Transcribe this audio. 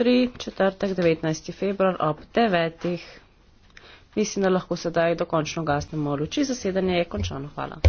3, četrtek, 19. februar ob 9. Mislim, da lahko sedaj dokončno gasnemo luči. Zasedanje je končano. Hvala.